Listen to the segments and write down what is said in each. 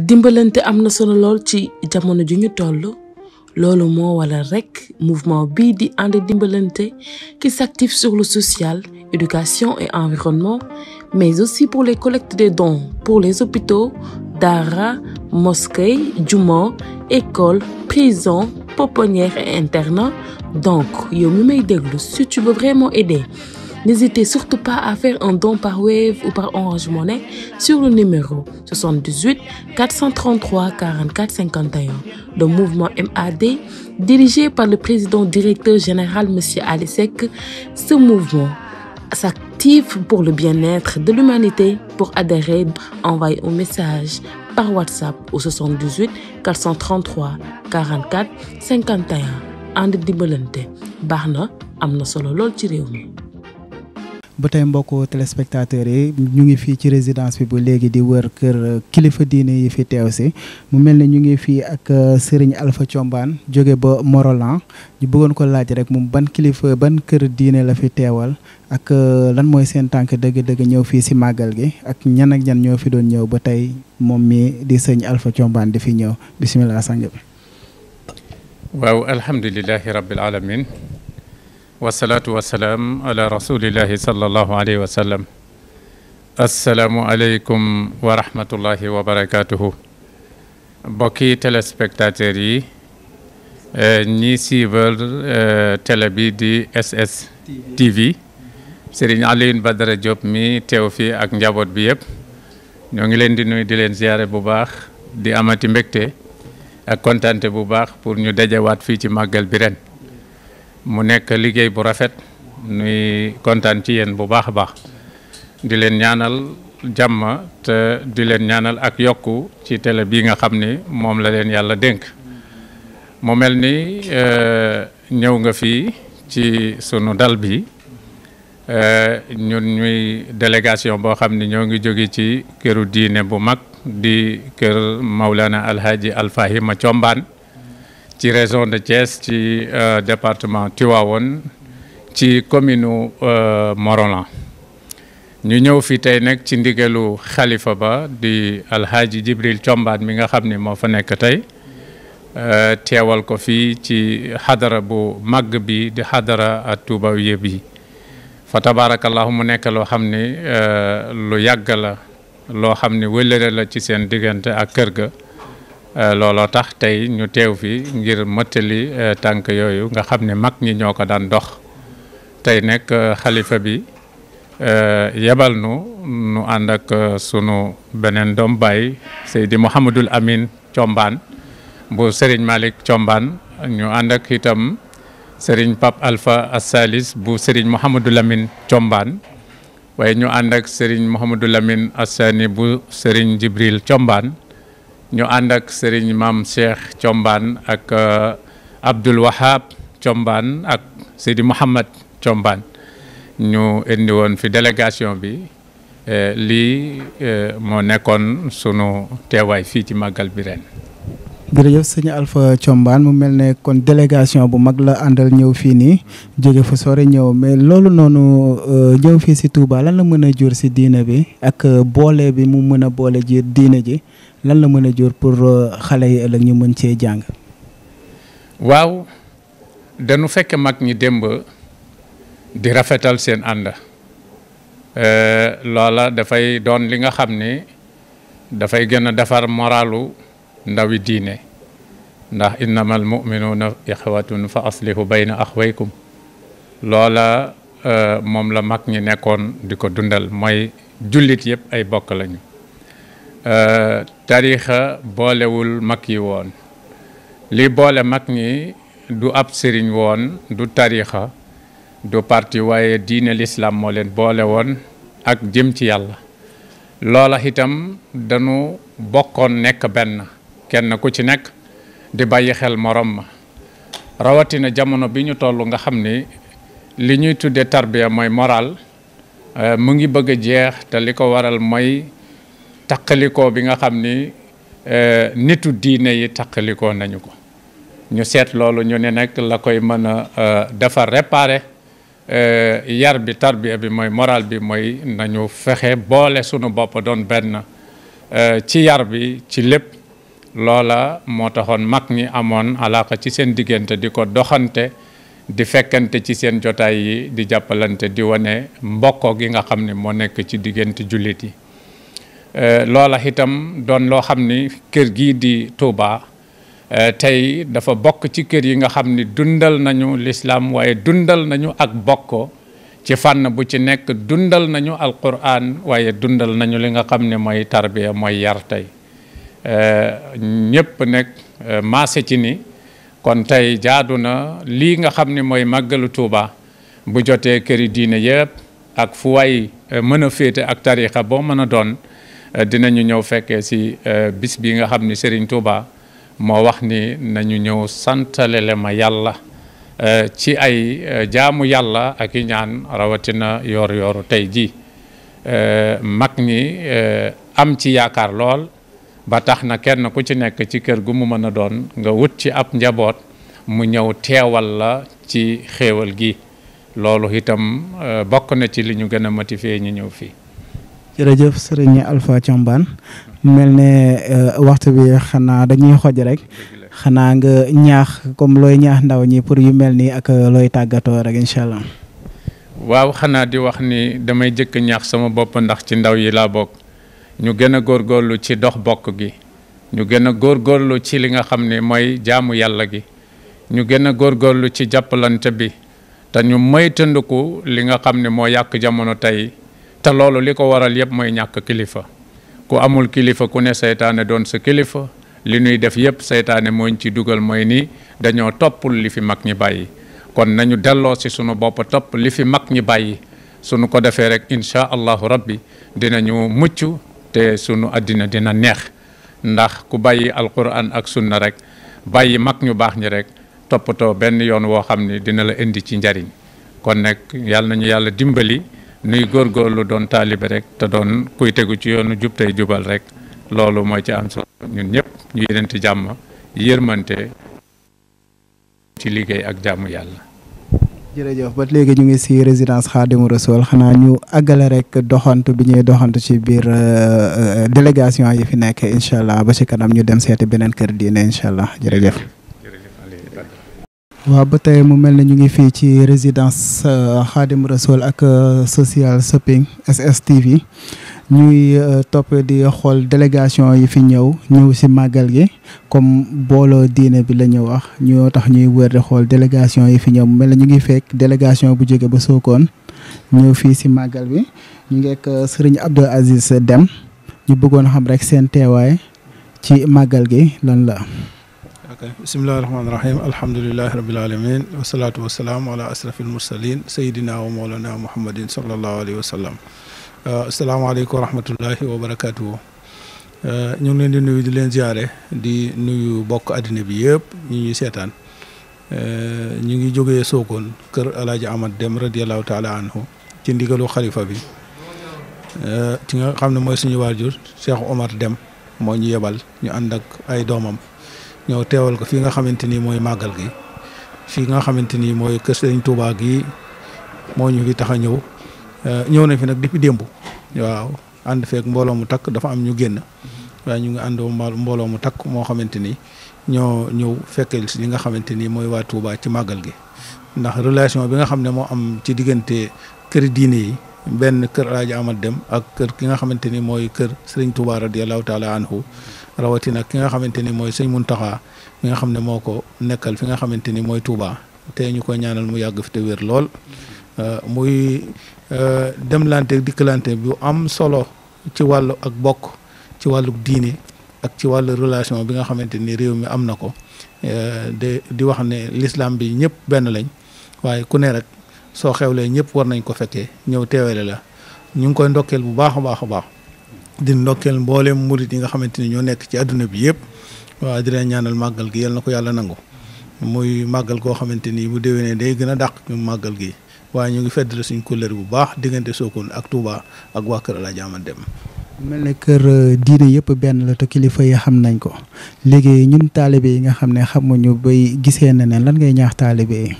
dimbalante am na solo lool ci jamono ju ñu toll loolu wala rek mouvement bii di ànd qui s'active sur le social éducation et environnement mais aussi pour les collectes des dons pour les hôpitaux dara mosquée, juma école prison pouponnière et internat donc yow mi may déglu si tu veux vraiment aider N'hésitez surtout pas à faire un don par Wave ou par Orange monnaie sur le numéro 78 433 44 51 le mouvement MAD dirigé par le président directeur général M. Alisek. Ce mouvement s'active pour le bien-être de l'humanité. Pour adhérer, envoyez un message par WhatsApp au 78 433 44 51 And Dibolente. Barna, ba tey mbokku téléspectateurs yi ñu ngi fii ci résidence bi ba léegi di wër kër kilifa diine yi fi teew si mu mel ne ñu ngi fii ak euh, Serigne Alpha Thiombane jóge ba Morolan ñu bëggoon ko laaj rek moom ban kilifa ban kër diine la fi teewal ak euh, lan mooy seen tànk dëgg-dëgg ñëw fii si màggal gi ak ñan ak ñan ñoo fi doon ñëw ba tey moom mii di sëñ Alpha Thiombane di fi ñëw bisimilah sang bi. waaw alhamdulilahi rabbil alamin والصلاة والسلام على رسول الله صلى الله عليه وسلم السلام عليكم ورحمة الله وبركاته بكي تلسبكتاتيري نيسيبر تلبي دي اس اس تي في سيرين علين بدر جوب مي تيوفي اك نجابوت بيب نيوغي لين دي نوي دي لين زياره بو باخ دي اماتي مبكتي اك كونتانتي بو باخ بور نيو دجا وات في تي ماغال بي رن mu nek liggey bu rafet nuy contane ci yeen bu baax a baax di len ñaanal jàmm te di len ñaanal ak yokku ci télé bi nga xamni mom la len yalla denk mo melni ni euh, ñew nga fi ci sunu dal bi euh, ñun ñuy délégation bo xamni ñoo ngi joggé ci këru diiné bu mag di kër Maulana Alhaji Alfahima chomban ci région de Thiès ci euh, département Tivaouane ci commune u euh, Morolan ñu ñëw fi tey nag ci ndigalu xalifa ba di alhaaji Jibril Combaat mi nga xam ni moo fa nekk tey euh, teewal ko fii ci xadara bu màgg bi di xadara ak Touba yëpp yi fa tabaarakallahu mu nekk loo xam ni lu yàgg la loo xam ni wëllëre la ci seen diggante ak kër ga Eh, lolo tax tay ñu tew fi ngir matali eh, tank yoyu nga xamne mag ñi ñoko daan dox tay nek khalifa eh, bi yebal nu nu and ak sunu benen seidi bay Seydi Amin Chomban, bu Serigne Malik Chomban, ñu anda ak itam Serigne pap Alpha Assalis bu Serigne Muhammadul Amin Chomban, way ñu anda ak Serigne Mouhamadul Amin Assani bu Serigne Jibril Chomban ñu ànd ak sëriñ mam cheikh combaan ak euh, abdul wahab Chomban, ak sidi muhammad Chomban, ñu indi woon fi délégation bi euh, lii euh, moo nekkoon sunu teewaay fii ci màggal bi ren jërëjëf sëñ Alpha Chomban mu mel ne kon délégation bu mag la àndal ñëw fii nii jóge fa sore ñëw mais loolu noonu ñëw fii si Touba lan la mën a jur si diine bi ak boole bi mu mën a boole ji diine ji lan la mën a jur pour euh, xale yi ëllëg ñu mën cee jàng. waaw danu fekk mag ñi démb di rafetal seen ànd euh, loola dafay doon li nga xam ni dafay gën defar moralu ndawi diine ndax innamal muminuuna nu fa bay aslihu ax axwaykum loola euh, moom la mag ñi nekkoon di ko dundal mooy jullit yëpp ay bokk lañu Euh, tariixa boolewul mag yi woon li boole mag ñi du ab sëriñ woon du tariixa du parti waaye diine lislaam moo leen boole woon ak jëm ci yàlla loola itam dañu bokkoon nekk benn kenn ku ci nekk di bàyyi xel morom ma rawatina jamono bi ñu toll nga xam ni li ñuy tuddee tarbiya mooy moral euh, mu ngi bëgg a jeex te li ko waral mooy taqalikoo bi nga xam ni eh, nitu diine yi taqalikoo nañu ko ñu seet loolu ñu ne nag la koy mën a eh, defar réparer eh, yar bi tarbiya bi mooy moral bi mooy nañu fexe boole sunu bopp doon benn ci yar bi ci lépp loola moo taxoon mag ñi amoon alaaka ci seen diggante di ko doxante di fekkante ci seen jotaay yi di jàppalante di wane mbokk gi nga xam ne moo nekk ci diggante jullit yi Euh, loola itam doon loo xam ni kër gii di Touba euh, tey dafa bokk ci kër yi nga xam ni dundal nañu lislaam waaye dundal nañu ak bokko ci fànn bu ci nekk dundal nañu alquran waaye dundal nañu li nga xam ne mooy tarbiya mooy yar tey euh, ñépp nag maase ci ni kon tey jaadu na lii nga xam ni mooy màggalu Touba bu jotee këri diine yëpp ak fu waay mën féete ak tarixa boo mën a doon Euh, dinañu ñëw fekkee si euh, bis bi nga xam ni Serigne Touba moo wax ni nañu ñëw santalele ma yàlla euh, ci ay jaamu yàlla ak i ñaan rawatina yoor yoru tey jii mag ñi am ci yaakaar lool ba tax na kenn ku ci nekk ci kër gu mu mën a doon nga wut ci ab njaboot mu ñëw teewal la ci xéewal gi loolu itam bokk na ci li ñu gën a motiver ñu ñëw fii. jërëjëf sëriñ Alpha chamban mel ne euh, waxtu bi xanaa dañuy xoj rek xanaa nga ñaax comme looy ñaax ndaw ñi pour yu mel ni ak euh, looy tàggatoo rek incha allah. waaw xanaa di wax ni damay jëkk ñaax sama bopp ndax ci ndaw yi laa bokk ñu gën a góorgóorlu ci dox bokk gi ñu gën a góorgóorlu ci li nga xam ne mooy jaamu yàlla gi ñu gën a góorgóorlu ci jàppalante bi te ñu moytandiku li nga xam ne moo yàq jamono tey ta loolu liko waral yeb moy ñak kilifa ku amul kilifa ku ne setan don sa kilifa li nuy def yeb setan moy ci dugal moy ni dañoo topul li fi mag ñi bayyi kon nañu dello si sunu bop top li fi mag ñi bayyi sunu ko defé rek insha allah rabbi dinañu muccu te sunu adina dina neex ndax ku bayyi alquran ak sunna rek bayyi mag ñu bax ñi rek topoto ben yoon wo xamni dina la indi ci njariñ kon nek yalla nañu yalla dimbali nuy góorgóorlu doon taalibe rek te doon kuy tegu ci yoonu jub tey jubal rek loolu mooy ci am solo ñun ñëpp ñu yénente jàmm yërmante ci liggéey ak jàmm yàlla jërëjëf ba léegi ñu ngi si résidence Khadimou Rassoul xanaa ñu àggale rek doxantu bi ñuy doxantu ci biir euh, euh, délégation yi fi nekk incha allah ba ci kanam ñu dem seeti beneen kër diine incha allah jërëjëf waaw ba tey mu mel ne ñu ngi fii ci résidence euh, Khadim Rassoul ak euh, social shopping SSTV ñuy euh, topp di xool délégation yi fi ñëw ñëw si màggal gi comme booloo diine bi la wax ñoo tax ñuy wër di xool délégation yi fi ñëw mu mel ne ñu ngi fekk délégation bu jóge ba Sokone ñëw fii si màggal bi ñu ngi ak Serigne Abdou Aziz dem ñu bëggoon xam rek seen teewaay ci màggal gi lan la. okay. bisimillahi rahmaani rahim alhamdulilahi rabil alamin wasalaatu wasalaamu ala asrafil mursalin sayidina wa moolana muhammadin sallallahu alayhi wa sallam asalaamaaleykum wa rahmatullahi wa barakatuhu ñu ngi leen di nuyu di leen ziare di nuyu bokk àddina bi yëpp ñu ñuy seetaan ñu ngi jógee Sokone kër alaaji Amad Dem radiallahu taala anhu ci ndigalu xalifa bi ci nga xam ne mooy suñu waajur Cheikh Omar Dem moo ñu yebal ñu ànd ak ay doomam ñëw teewal ko fii nga xamante ni mooy màggal gi fii nga xamante ni mooy kër Sëriñ Tuubaa gi moo ñu fi tax a ñëw eh, ñëw na fi nag depuis démb waaw ànd feek mbooloo mu takk dafa am ñu génn waaye ñu ngi àndoo mbooloo mu takk moo xamante ni ñoo ñëw fekkeel si li nga xamante ni mooy waa Touba ci màggal gi ndax relation bi nga xam ne moo am ci diggante kër diine yi benn kër Alaaji Amad Dem ak kër ki nga xamante ni mooy kër Sëriñ Touba radiyallahu taala anhu rawatina ki nga xamante ni mooy sëñ Muntaxa mi nga xam ne moo ko nekkal fi nga xamante ni mooy Touba te ñu koy ñaanal mu yàgg fi te wér lool euh, muy euh, demlante dikkalante bu am solo ci wàllu ak bokk ci wàllu diini ak ci wàllu relation bi nga xamante ni réew mi am na ko euh, de di wax ne l'islam bi ñëpp benn lañ waaye ku ne rek soo xewlee ñëpp war nañ ko fekkee ñëw teewale la ñu ngi koy ndokkeel bu baax a baax a baax di ndokkeel mbooleem murit yi nga xamante ni ñoo nekk ci àdduna bi yëpp waa di leen ñaanal màggal gi yal na ko yàlla nangu muy màggal koo xamante ni bu déwénee day gën a dàq ñu màggal gi waaye ñu ngi feddale suñ kóllëre bu baax diggante Sokone ak Touba ak waa Kër Alaaji Amadu Dem mel ne kër euh, diine yëpp benn la te kilifa yi xam nañ ko léegi ñun taalibe yi nga xam ne xamuñu bay gisee ne ne lan ngay ñaax taalibe yi.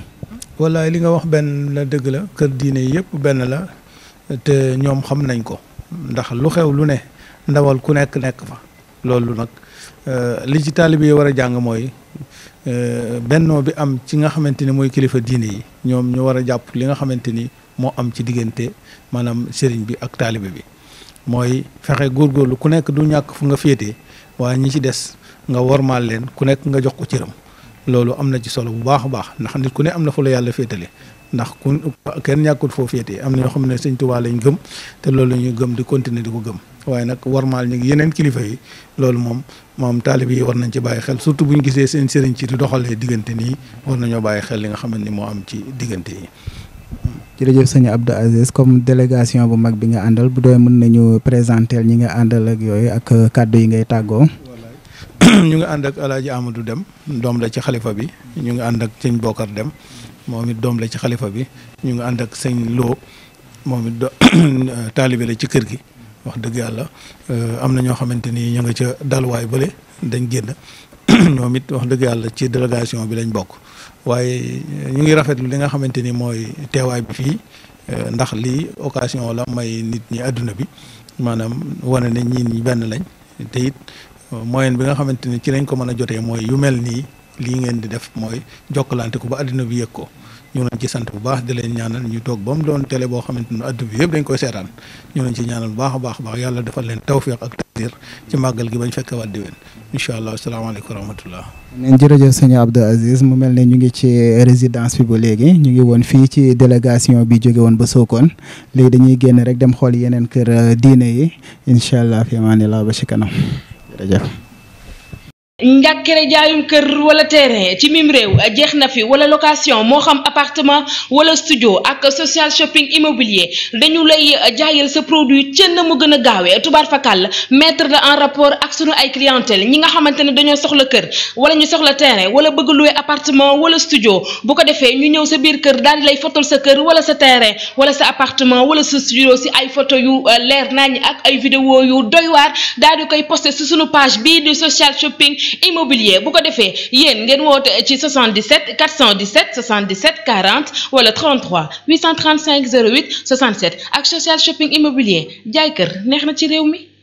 wallaay li nga wax benn la dëgg la kër yëpp benn la te ñoom xam nañ ko. ndax lu xew lu ne ndawal ku nekk nekk fa loolu nag euh, li ci taalibe yi war a jàng mooy euh, bennoo bi am ci nga xamante ni mooy kilifa diine yi ñoom ñu war a jàpp li nga xamante ni moo am ci diggante maanaam sëriñ bi ak taalibe bi mooy fexe góor góorgóorlu ku nekk du ñàkk fu nga féete waaye ñi ci des nga wormaal leen ku nekk nga jox ko cëram loolu am na ci solo bu baax a baax ndax nit ku ne am na fu la yàlla féetale ndax ku kenn ñàkkut foo yi am na ñoo xam ne sëñ Tuubaa lañ gëm te loolu la ñuy gëm di continuer di ko gëm waaye nag warmaal ñu ngi yeneen kilifa yi loolu moom moom taalib yi war nañ ci bàyyi xel surtout bu ñu gisee seen sëriñ ci di doxalee diggante nii war nañoo bàyyi xel li nga xam ne moo am ci diggante yi. jërëjëf sëñ Abdou Aziz comme délégation bu mag bi nga àndal bu doo mën nañu présenter ñi nga àndal ak yooyu ak kàddu yi ngay tàggoo. ñu ngi ànd ak alaaji du Dem doom la ci xalifa bi ñu ngi ànd ak sëñ Bokar Dem moom it doom la ci xalifa bi ñu ngi ànd ak sëñ loo moom it euh, taalibe la ci kër gi wax dëgg yàlla euh, am na ñoo xamante ni ñu nga ca dalwaay bale dañ génn ñoom it wax dëgg yàlla ci délégation bi lañ bokk waaye euh, ñu ngi rafetlu li nga xamante ni mooy teewaay bi fii ndax lii occasion la may nit ñi àdduna bi maanaam wane ne ñii ñi benn lañ te moyen bi nga xamante ni ci lañ ko mën a jotee mooy yu mel nii lii ngeen di def mooy jokkalante ko ba àddina bi yëg ko ñoo leen ci sant bu baax di leen ñaanal ñu toog ba mu doon télé boo xamante ni àddina bi yëpp dañ koy seetaan ñu leen ci ñaanal bu baax a baax baax yàlla defal leen tawféex ak tasiir ci màggal gi bañ fekk waat di allah asalaamaaleykum wa rahmatullah jërëjëf sëñ Abdou Aziz mu mel ne ñu ngi ci résidence bi ba léegi ñu ngi woon fii ci délégation bi jóge woon ba Sokone léegi dañuy génn rek dem xool yeneen kër euh, diine yi incha allah fi amaanillah ba ci kanam aja njàkkere jaayum kër wala terrain ci mim réew jeex fi wala location Moham xam appartement wala studio ak social shopping immobilier dañu lay jaayal sa produit na mu gëna gaawé tubar fakal mettre la en rapport ak suñu ay clientèle ñi nga xamante ne dañoo soxla kër wala ñu soxla terrain wala bëgg louer appartement wala studio bu ko défé ñu ñëw sa biir kër dal di lay fotol sa kër wala sa terrain wala sa appartement wala sa studio si ay photo yu euh, leer nañ ak ay vidéo yu doy war dal di koy posté si suñu page bi du social shopping immobilier Pourquoi de faits, Yen, 77 417 77 40 wala 33 835 08 67 Action social shopping immobilier jaay kër